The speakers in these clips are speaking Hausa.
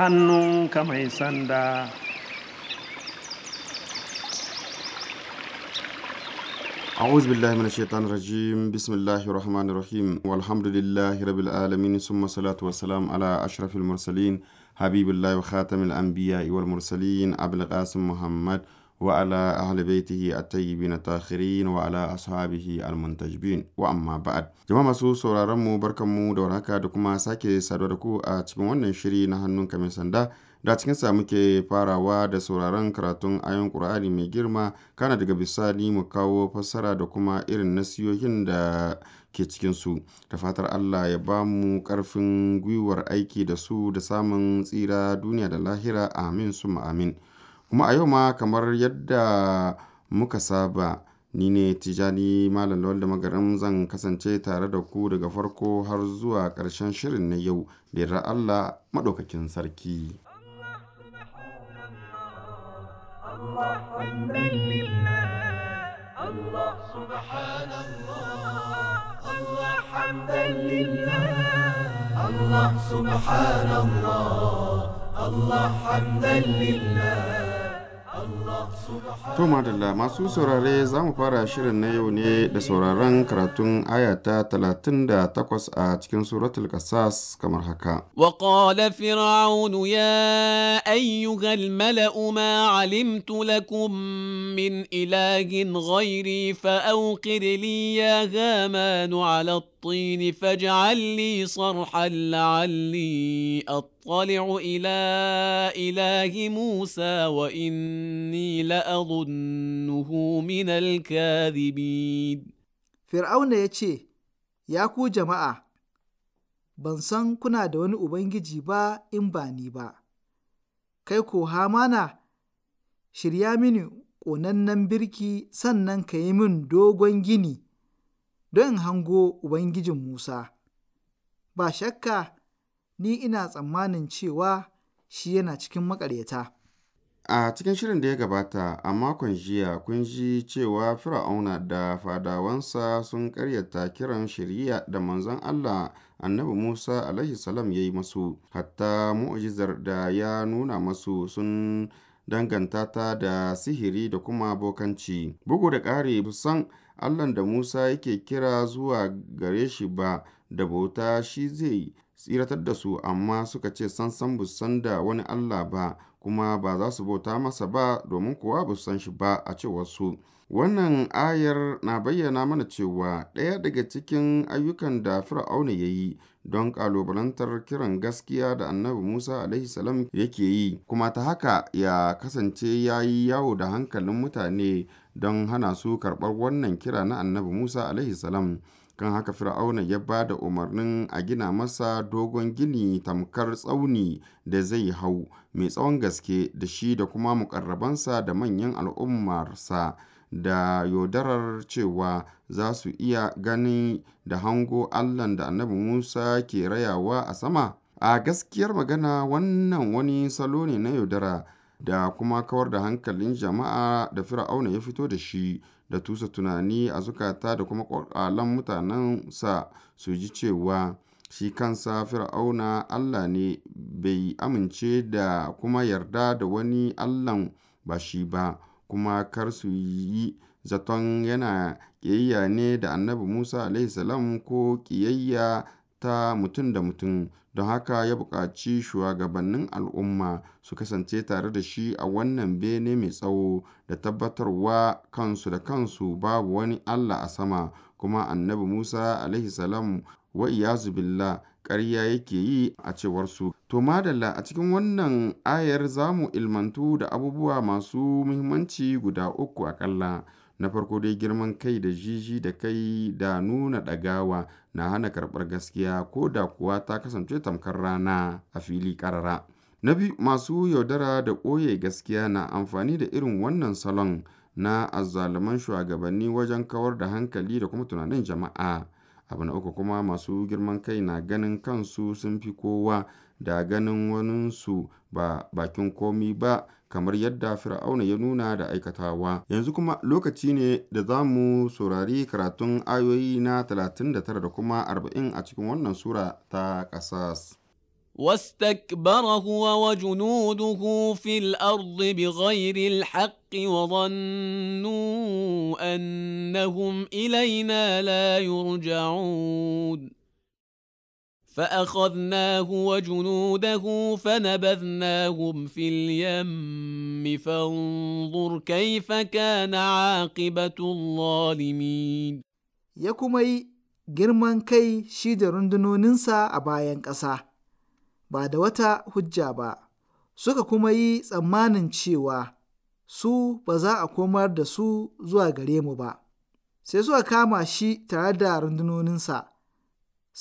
ka mai sanda أعوذ بالله من الشيطان الرجيم بسم الله الرحمن الرحيم والحمد لله رب العالمين ثم الصلاة والسلام على أشرف المرسلين حبيب الله وخاتم الأنبياء والمرسلين أبو القاسم محمد وعلى أهل بيته الطيبين الطاهرين وعلى أصحابه المنتجبين وأما بعد jama'a masu sauraron mu barkanmu da warhaka da kuma sake saduwa da ku a cikin wannan shiri na hannunka mai sanda da cikin sa muke farawa da sauraron karatun ayon Qur'ani mai girma kana daga bisali mu kawo fassara da kuma irin nasiyohin da ke cikinsu da fatar Allah ya ba mu ƙarfin gwiwar aiki da su da samun tsira duniya da lahira amin suma amin Kuma a yau ma kamar yadda muka saba, ni ne Tijani Malam Lawal da magarin zan kasance tare da ku daga farko har zuwa ƙarshen shirin na yau da ra Allah Maɗaukakin Sarki. Allah subhanallah, Allah hamdan To madalla masu saurare za mu fara shirin na yau ne da sauraron karatun ayata 38 a cikin suratul kasas kamar haka. Wa qala fir'aunu ya ayyuhal mala'u ma alimtu lakum min ilahin ghairi fa auqid li ya gamanu ala الطين فاجعل لي صرحا لعلي Musa إلى إله موسى وإني لأظنه من الكاذبين فرعون يتشي يا كو جماعة ban san kuna da wani Ubangiji ba in ba ni ba, kai ko hamana shirya mini ƙonannen birki sannan ka yi min dogon gini don in hango Ubangijin Musa. Ba shakka ni ina tsammanin cewa shi yana cikin makaryata A cikin shirin da ya gabata a makon jiya kun ji cewa Fir'auna da fadawansa sun karyata kiran shirya da manzon Allah annabi Musa alaihi salam ya yi masu, hatta mu'jizar da ya nuna masu sun danganta ta da sihiri da kuma bokanci. Bugu da ƙari san Allahn da Musa yake kira zuwa gare shi ba da bauta shi zai tsiratar da su, amma suka ce sansan san da wani Allah ba. kuma ba za su bauta masa ba domin kuwa ba su san shi ba a cewar su. Wannan ayar na bayyana mana cewa ɗaya daga cikin ayyukan da Fir'auna ya yi don ƙalubalantar kiran gaskiya da annabi Musa alaihi salam yake yi, kuma ta haka ya kasance ya yi yawo da hankalin mutane don hana su karɓar wannan kira na annabi Musa alaihi salam. kan haka fir'auna ya ba da umarnin a gina masa dogon gini tamkar tsauni da zai hau mai tsawon gaske da shi da kuma mukarrabansa da manyan al'ummarsa da yaudarar cewa za su iya gani da hango allan da annabi musa ke rayawa a sama a gaskiyar magana wannan wani salo ne na yaudara da kuma kawar da hankalin jama'a da fir'auna ya fito da shi da tusa tunani a zukata da kuma mutanen sa su ji cewa shi kansa fir'auna Allah ne bai amince da kuma yarda da wani Allahn ba shi ba kuma kar su yi zaton yana ƙiyayya ne da annabi Musa a.s. ko ƙiyayya ta mutum da mutum don haka ya buƙaci shugabannin al'umma su kasance tare da shi a wannan bene mai tsawo da tabbatarwa kansu da kansu babu wani Allah a sama kuma Annabi Musa iyazu billah ƙarya yake yi a cewar su To madalla a cikin wannan ayar zamu ilmantu da abubuwa masu muhimmanci guda uku a kalla. Na farko dai girman kai da jiji da kai da nuna ɗagawa na hana karɓar gaskiya ko da kuwa ta kasance tamkar rana a fili ƙarara. Na biyu masu yaudara da ɓoye gaskiya na amfani da irin wannan salon na azzaluman shugabanni wajen kawar da hankali da kuma tunanin jama'a. Abu na uku kuma masu girman kai na ganin kansu sun fi kowa da ganin waninsu ba bakin komi ba kamar yadda fir'auna ya nuna da aikatawa yanzu kuma lokaci ne da za mu saurari karatun ayoyi na 39 da kuma 40 a cikin wannan sura ta ƙasas واستكبر هو وجنوده في الارض بغير الحق وظنوا انهم الينا لا يرجعون فأخذناه وجنوده فنبذناهم في اليم فانظر كيف كان عاقبة الظالمين ya kuma yi girman kai shi da rundunoninsa a bayan ƙasa, ba da wata hujja ba, suka kuma yi tsammanin cewa su ba za a komar da su zuwa gare mu ba, sai su suka kama shi tare da rundunoninsa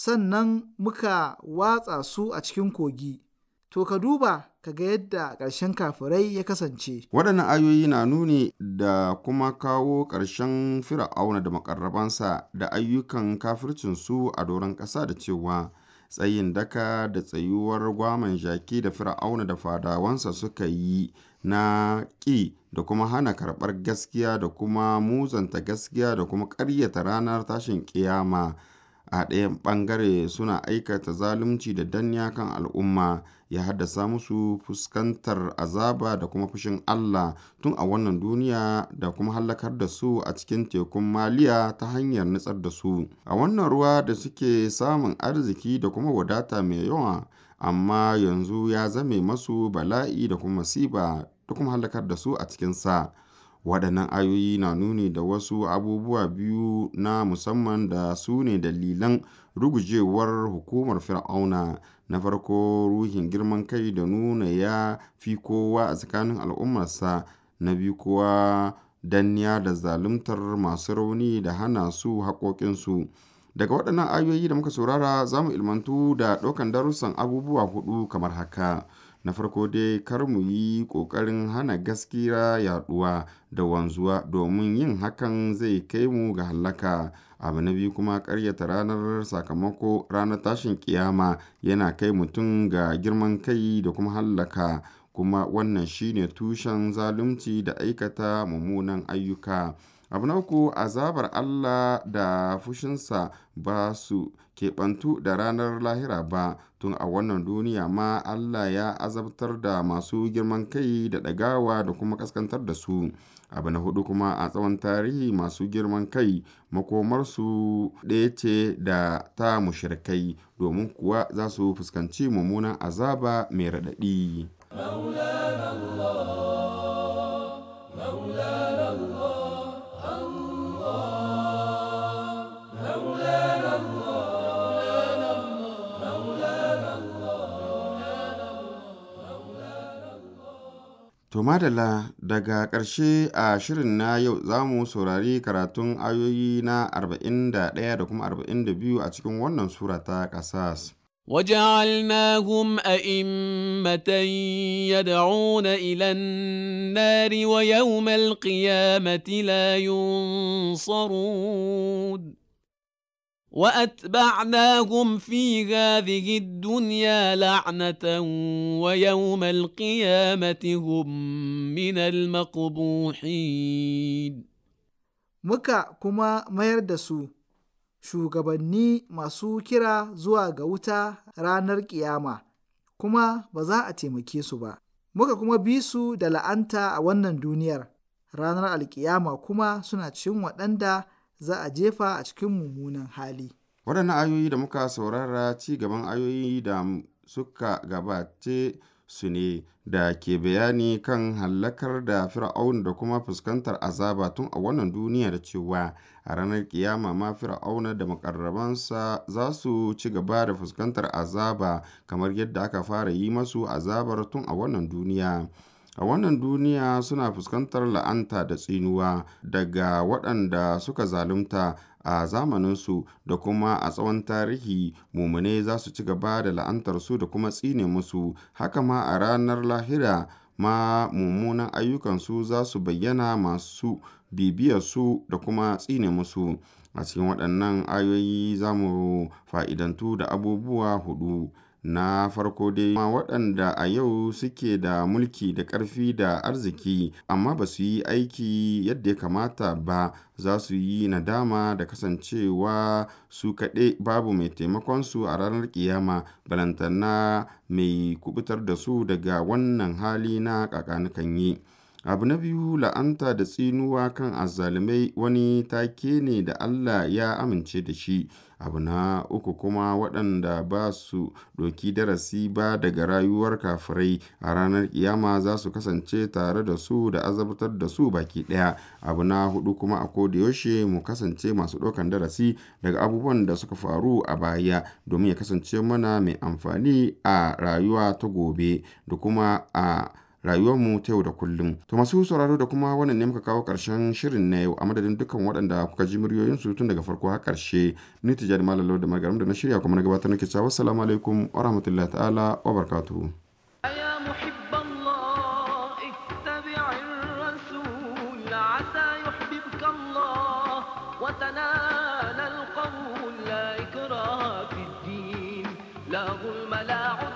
sannan muka watsa su a cikin kogi. To ka duba ka ga yadda ƙarshen kafirai ya kasance. Waɗannan ayoyi na nuni da kuma kawo ƙarshen fir'auna da makarrabansa da ayyukan kafircinsu a doron ƙasa da cewa tsayin daka da tsayuwar gwaman jaki da fir'auna da fadawansa suka yi na ƙi da kuma hana karɓar gaskiya da kuma muzanta gaskiya da kuma ƙaryata ranar tashin ƙiyama. a ɗayan ɓangare suna aikata zalunci da danya kan al'umma ya haddasa musu fuskantar azaba da kuma fushin Allah tun a wannan duniya da kuma hallakar da su a cikin tekun maliya ta hanyar nutsar da su a wannan ruwa da suke samun arziki da kuma wadata mai yawa amma yanzu ya zame masu bala'i da kuma masiba da kuma hallakar da su a cikinsa Waɗannan ayoyi na nuni da wasu abubuwa biyu na musamman da su ne dalilan rugujewar hukumar Fir'auna. Na farko, ruhin girman kai da nuna ya fi kowa a tsakanin al'ummarsa, na biyu kowa danniya da zaluntar masu rauni da hana su haƙoƙinsu Daga waɗannan ayoyi da muka saurara, za mu ilmantu da ɗaukan darussan abubuwa hudu kamar haka. Na farko dai kar mu yi ƙoƙarin hana gaskiya yaɗuwa da wanzuwa domin yin hakan zai kai mu ga hallaka. Abu na biyu kuma ƙaryata ranar sakamako ranar tashin ƙiyama yana kai mutum ga girman kai da kuma hallaka. Kuma wannan shine tushen zalunci da aikata mummunan ayyuka. Abu uku, azabar Allah da fushinsa ba su keɓantu da ranar lahira ba, tun a wannan duniya ma Allah ya azabtar da masu girman kai da ɗagawa da kuma ƙaskantar da su. Abu na hudu kuma a tsawon tarihi masu girman kai makomarsu ɗaya ce da ta mushirkai domin kuwa za su fuskanci mummunan azaba mai raɗaɗi. To madalla daga ƙarshe a shirin na yau za mu saurari karatun ayoyi na 41 da kuma 42 a cikin wannan sura ta ƙasas. وجعلناهم أئمة يدعون إلى النار ويوم القيامة لا ينصرون وأتبعناهم في هذه الدنيا wa ويوم القيامة هم من المقبوحين muka kuma mayar da su shugabanni masu kira zuwa ga wuta ranar ƙiyama kuma ba za a taimake su ba muka kuma bi su da la'anta a wannan duniyar ranar alƙiyama kuma suna cin waɗanda za a jefa a cikin mummunan hali. Waɗannan ayoyi da muka saurara ci gaban ayoyi da suka gabace su ne da ke bayani kan hallakar da fir'aun da kuma fuskantar azaba tun a wannan duniya da cewa a ranar kiyama ma fir'auna da makarrabansa za su ci gaba da fuskantar azaba kamar yadda aka fara yi masu azabar tun a wannan duniya a wannan duniya suna fuskantar la'anta da tsinuwa daga waɗanda suka zalunta a zamaninsu da kuma a tsawon tarihi mumune za su ci gaba da la'antarsu da kuma tsine musu haka ma a ranar lahira ma mummunan ayyukansu za su bayyana masu bibiyarsu da kuma tsine musu a cikin waɗannan ayoyi za mu fa'idantu da abubuwa hudu Na farko dai ma waɗanda a yau suke da mulki da ƙarfi da arziki amma ba su yi aiki yadda ya kamata ba za su yi nadama da kasancewa su kaɗai babu mai taimakonsu a ranar ƙiyama balantana mai kubutar da su daga wannan hali na ƙaƙanukan yi. Abu na biyu la'anta da tsinuwa kan azzalumai wani take ne da Allah ya amince da shi. Abu na uku kuma waɗanda ba su ɗoki darasi ba daga rayuwar kafirai a ranar ƙiyama za su kasance tare da su da azabtar da su baki ɗaya. Abu na hudu kuma a kodayaushe mu kasance masu ɗaukan darasi daga abubuwan da suka faru a baya domin ya kasance mana mai amfani a rayuwa ta gobe da kuma a. rayuwarmu ta yau da kullum. To masu sauraro da kuma wannan ne muka kawo ƙarshen shirin na yau a madadin dukkan waɗanda kuka ji muryoyinsu tun daga farko har ƙarshe. Ni Tijjani Malam da Magaram da na shirya kuma na gabatar nake cewa assalamu alaikum wa rahmatullahi ta'ala wa barakatuhu. لا ظلم لا عدوان